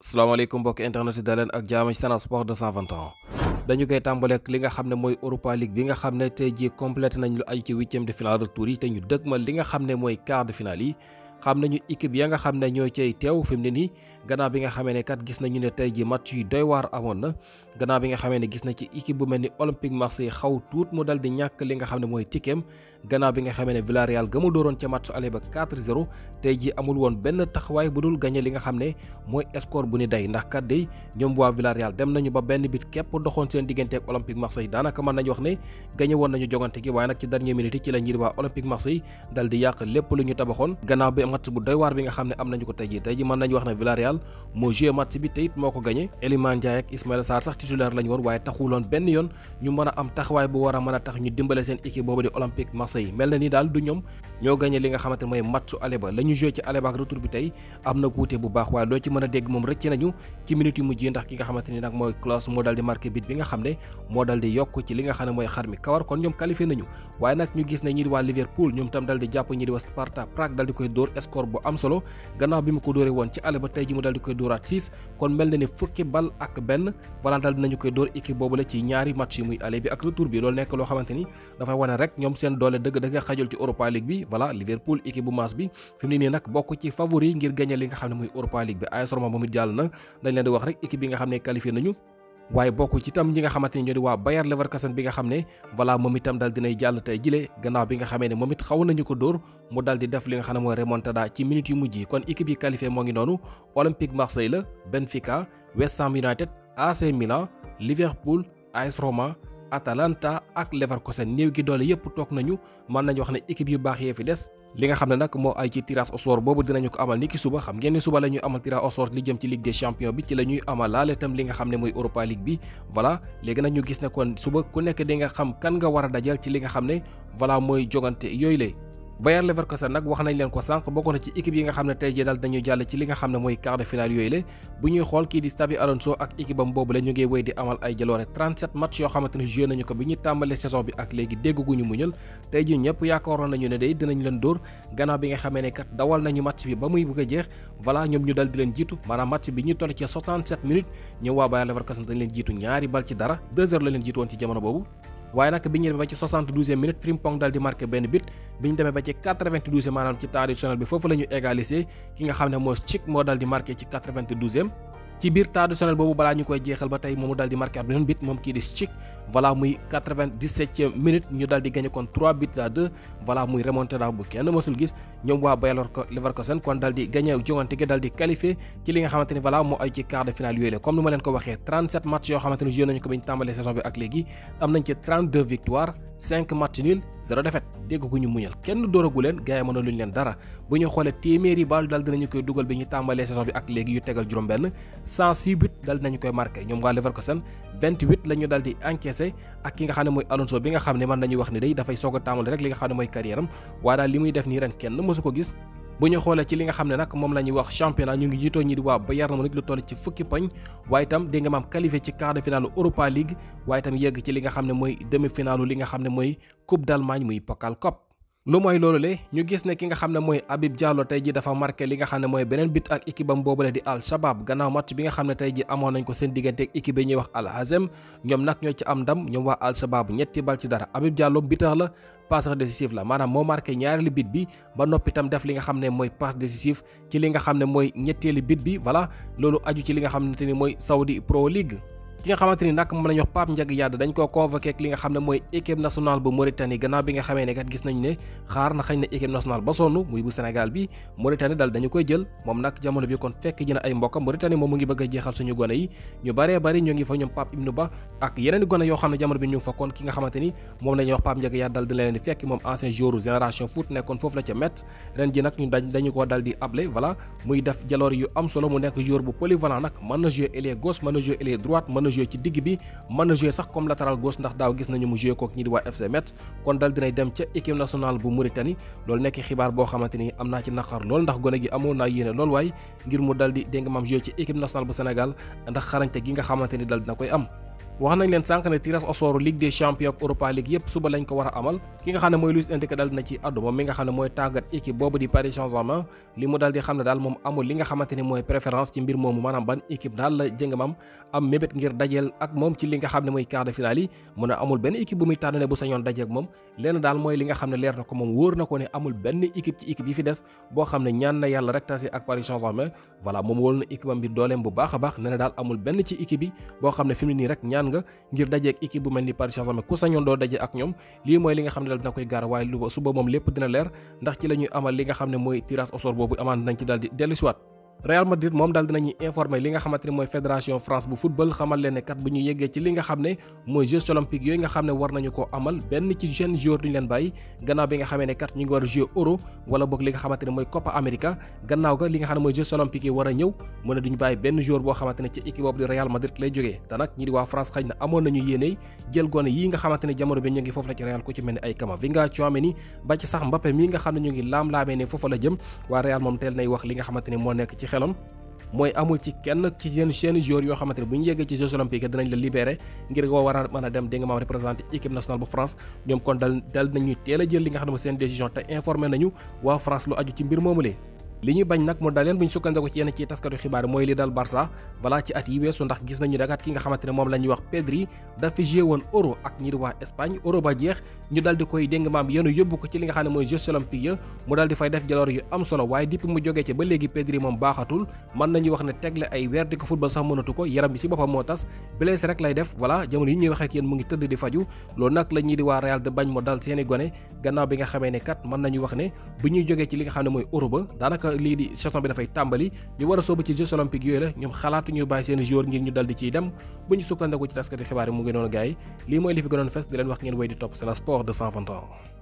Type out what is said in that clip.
salaamaaleykum mbokk internet yi daleen ak jaama ci Sen Sport 221 dañu koy tàmbaleek li nga xam ne mooy Europa League bi nga xam ne tey ji complété nañ lu aju ci huitième de finale retour yi te ñu dëgmal li nga xam ne mooy quart de finale yi xam ñu équipe ya nga xam ne ñoo cay teew fi mu ne nii gannaaw bi nga xamee ne kat gis nañu ne tey ji match yu doy waar amoon na gannaaw bi nga xamee ne gis na ci équipe bu mel ni Olympique Marseille xaw tuut mu dal di ñàkk li nga xam ne mooy tikem gannaaw bi nga xamee Villarreal gamu mu dooroon ca match aller ba 4-0 tey ji amul woon benn taxawaay bu dul gagné li nga xam ne score bu ni day ndax kat day ñoom waa Villarreal dem nañu ba benn bit képp doxoon seen diggante ak Olympique Marseille daanaka mën nañu wax ne gagné woon nañu jogante gi waaye nag ci dernier minute ci la njiit waa Olympique Marseille dal di yàq lépp lu ñu bi match bu doy waar bi nga xam am nañu ko tey ji tey ji mën nañu wax ne Villarreal moo joué match bi te it moo ko gagné Iliman Ndiaye ak Ismaïla Sarr sax titulaire lañu woon waaye taxuloon benn yoon ñu mën a am taxawaay bu war a tax ñu dimbale seen équipe boobu di Olympique Marseille français mel na ni daal du ñoom ñoo gagné li nga xamante mooy match ale ba la ñu ci ale ba ak retour bi tey am na wuute bu baax waaye loo ci mën a dégg moom rëcc nañu ci minute yu mujj ndax ki nga xamante ni nag mooy mooy xar mi kawar kon ñoom qualifié nañu waaye nag ñu gis ne ñi Liverpool ñoom tam dal jàpp ñi Sparta Prague dal koy dóor score bu am solo gannaaw bi mu ko dóore woon ci ale ba tey ji mu dal koy dóoraat 6 dëgg-dëgg xajul ci Europa League bi voilà Liverpool équipe bu maas bi fi mu ne nii nag bokk ci favori ngir gagné li nga xam ne muy Europa League bi AS Roma moom it jàll na dañ leen di wax rek équipe bi nga xam ne qualifié nañu. waaye bokk ci itam ñi nga xamante ne ñoo waa Bayer Leverkusen bi nga xam ne voilà moom itam daal dinay jàll tey jile gannaaw bi nga xamee ne moom it xaw nañu ko dóor mu daal di def li nga xam ne mooy remontada ci minutes yu mujj yi kon équipe yi Atalanta ak Leverkusen néew gi doole yëpp toog nañu mën nañu wax ne équipe yu baax yee fi des li nga xam ne nag moo ay ci tirage au boobu dinañu ko amal ni ki suba xam ngeen ni suba la ñuy amal tirage au sort li jëm ci ligue des champions bi ci la ñuy amal laale itam li nga xam ne mooy Europa League bi voilà léegi nag ñu gis ne kon suba ku nekk di nga xam kan nga war a dajal ci li nga xam ne voilà mooy jogante yooyu lee Bayer Leverkusen nag wax nañ leen ko sànq bokk na ci équipe yi nga xam ne tey jii daal dañuy jàll ci li nga xam ne mooy quart de finale yooyu la bu ñuy xool kii di Xabi Alonso ak équipe am boobu la ñu ngi wéy di amal ay jaloore match yoo xamante nañu ko bi ñu tàmbalee saison bi ak léegi dégguñu muñal tey jii ñëpp yaakaaroon nañu ne day dinañ leen dóor gannaaw bi nga xamee ne kat dawal nañu match bi ba muy bëgg a jeex voilà ñoom ñu dal di leen jiitu maanaam match bi ñuy toll ci 67 minutes ñoom waa Bayer Leverkusen dañ leen jiitu ñaari bal ci dara 2 heures la leen jiitu woon ci waaye nag bi ñu demee ba ci 72e minute Frimpong dal di marqué benn but bi ñu demee ba ci maanaam ci traditionnel bi foofu la ñu égalisé ki nga xam ne mooy Tchik moo dal di marqué ci 92e ci biir traditionnel boobu balaa ñu koy jeexal ba tey moomu dal di marqué at beneen bit moom kii di Schick voilà muy minute ñu dal di gagné kon 3 buts à 2 voilà muy remontada bu kenn mësul gis ñoom waa Bayer Leverkusen kon dal di gagné jongante gi dal di qualifié ci li nga xamante ni moo ay ci quart finale yooyu la comme ni ma leen ko waxee 37 matchs yoo xamante ni joué nañu ko bi ñu tàmbalee saison bi ak léegi am nañ ci 32 dégg ko ñu muñal kenn dooragu leen gars yi mëna leen dara bu ñu xoolee téeméeri bal dal dinañu dugal bi ñu tàmbalee saison bi ak léegi yu tegal juróom benn 106 but dal di nañu koy marqué ñoom waa Leverkusen 28 la ñu dal di encaissé ak ki nga xam ne mooy Alonso bi nga xam ne mën nañuy wax ni day dafay soog a tàmbali rek li nga xam ne mooy carrière am waaye daal li muy def nii ren kenn mësu ko gis bu ñu xoolee ci li moom la wax championnat ñu ngi jiitoo ñi di waa Bayern Munich lu toll ci fukki poñ waaye itam di nga ci quart de Europa League waaye itam yegg ci li nga xam ne mooy demi-finale li nga xam ne mooy Coupe d'Allemagne muy Pokal Cup lu mooy loolu le ñu gis ne ki nga xam ne mooy Habib Diallo tey ji dafa marqué li nga xam ne mooy beneen but ak équipe am boobule di Al Shabab gannaaw match bi nga xam ne tey ji amoon nañ ko seen diggante ak équipe bi ñuy wax Al Hazem ñoom nag ñoo ci am ndam ñoom waa Al Shabab ñetti bal ci dara Habib Diallo buteur la passeur décisif la maanaam moo marqué ñaareelu bit bi ba noppitam def li nga xam ne mooy passe décisif ci li nga xam ne mooy ñetteelu bit bi voilà loolu aju ci li nga xam ni mooy Saudi Pro League ki nga xamante ni nag moom la ñu wax Pape Ndiaga Yade dañ koo convoqué ak li nga xam ne mooy équipe nationale bu Mauritanie gannaaw bi nga xamee ne kat gis nañu ne xaar na xañ na équipe nationale ba sonn muy bu Sénégal bi Mauritanie dal dañu koy jël moom nag jamono bi kon fekk ji na ay mbokkam Mauritanie moom mu ngi bëgg a suñu gone yi ñu bare bari ñoo ngi fa ñoom Pape Ibnou Ba ak yeneen gone yoo xam jamono bi ñu ngi fa kon ki nga xamante ni moom la ñuy wax Pape Ndiaga Yade daal dina leen di fekk moom ancien joueur génération foot nekkoon foofu la ca Metz ren ji nag ñu dañu ko daal di able voilà muy def jaloor yu am solo mu nekk joueur bu polyvalent nag mën na jouer ailier gauche mën na jouer ailier droite mën a joué ci digg bi mën a joué sax comme latéral gauche ndax daaw gis nañu mu joué kook ñi di waa FC Metz kon dal dinay dem ca équipe nationale bu Mauritanie loolu nekk xibaar boo xamante ni am naa ci naqar lool ndax gone gi amoon naa yéene lool waaye ngir mu dal di dégg maam joué nationale bu Sénégal ndax xarañte gi nga xamante ni dal dina koy am wax nañ leen sànq ne tirage au sort Ligue des champions Europa ligue yëpp suba lañ ko war a amal ki nga xam ne mooy Luis indique dal na ci addu moom mi nga xam ne mooy tàggat équipe boobu di Paris Saint-Germain li mu dal di xam ne daal moom amul li nga xamante ni mooy préférence ci mbir moomu maanaam ban équipe daal la jëngamam am mébét ngir dajeel ak moom ci li nga xam ne mooy quart de finale yi mu ne amul benn équipe bu muy tànn ne bu sañoon ak moom lenn daal mooy li nga xam ne leer na ko moom wóor na ko ne amul benn équipe ci équipe yi fi des boo xam ne ñaan na yàlla rek tase ak Paris Saint-Germain voilà moom wóolu na équipe am bi dooleem bu baax a baax ne na daal amul benn ci équipe bi boo xam ne fi mu nii rek ñaan nga ngir dajeek équipe bu mel ni Paris Saint-Germain ku doo daje ak ñoom lii mooy li nga xam ne dal dina koy gaar waaye lu suba moom lépp dina leer ndax ci la ñuy amal li nga xam ne mooy tirage au boobu amaan nañ ci dal di dellusiwaat Real Madrid moom daal dinañuy informer li nga xamante mooy fédération France bu football xamal leen kat bu ñu yeggee ci li nga xam ne mooy Jeux olympiques yooyu nga xam mooy Copa America gannaaw ga li nga xam ne mooy Jeux olympiques yi war a ñëw mu ne duñu bàyyi benn joueur boo xamante ci équipe di Real Madrid lay jógee te ñi di waa France xëy na amoon nañu yéeney jël gone yi nga xamante jamono bi ñu ngi foofu la ci Real ku ci mel ni xelam mooy amul ci kenn ci seen seen joueurs yoo xamante ne bu ñu yeggee ci Jeux olympiques dinañ la libéré ngir nga war a mën a dem di nga maam représenté équipe nationale bu France ñoom kon dal dal nañuy teel a jël li nga xam ne seen décision te informé nañu waa France lu aju ci mbir moomulee li ñuy bañ nag mu daleen buñ sukkandiku ci yenn ci taskatu xibaar mooy li dal barça voilà ci at yi weesu ndax gis nañu dakat ki nga xamante ne moom la wax pedri dafa joué woon euro ak ñi di waa espagne euro ba jeex ñu dal di koy déng maam yenu yóbbu ko ci li nga xam ne mooy jeux olympique ya mu dal di fay def jaloor yu am solo waaye dipp mu jógee ba léegi pedri moom baaxatul mën nañu wax ne tegle ay weer di ko football sax mënatu ko yaram bi si boppam moo tas blessé rek lay def voilà jamono yi ñuy wax ak yéen mu ngi tëdd di faju loolu nag la di waa real de bañ modal dal seeni gone gannaaw bi nga xamee ne kat mën nañu wax ne bu ñuy jógee ci li nga xam ne mooy euro ba daanaka que lii di saison bi dafay tàmbali ñu war a ci Jeux olympiques yooyu la ñoom xalaatu ñu seen joueur ngir ñu dal ciy dem bu ñu sukkandiku ci taskati xibaar yi mu ngi noonu gars lii mooy li fi gënoon fes di leen wax ngeen wéy di topp Sen Sports 221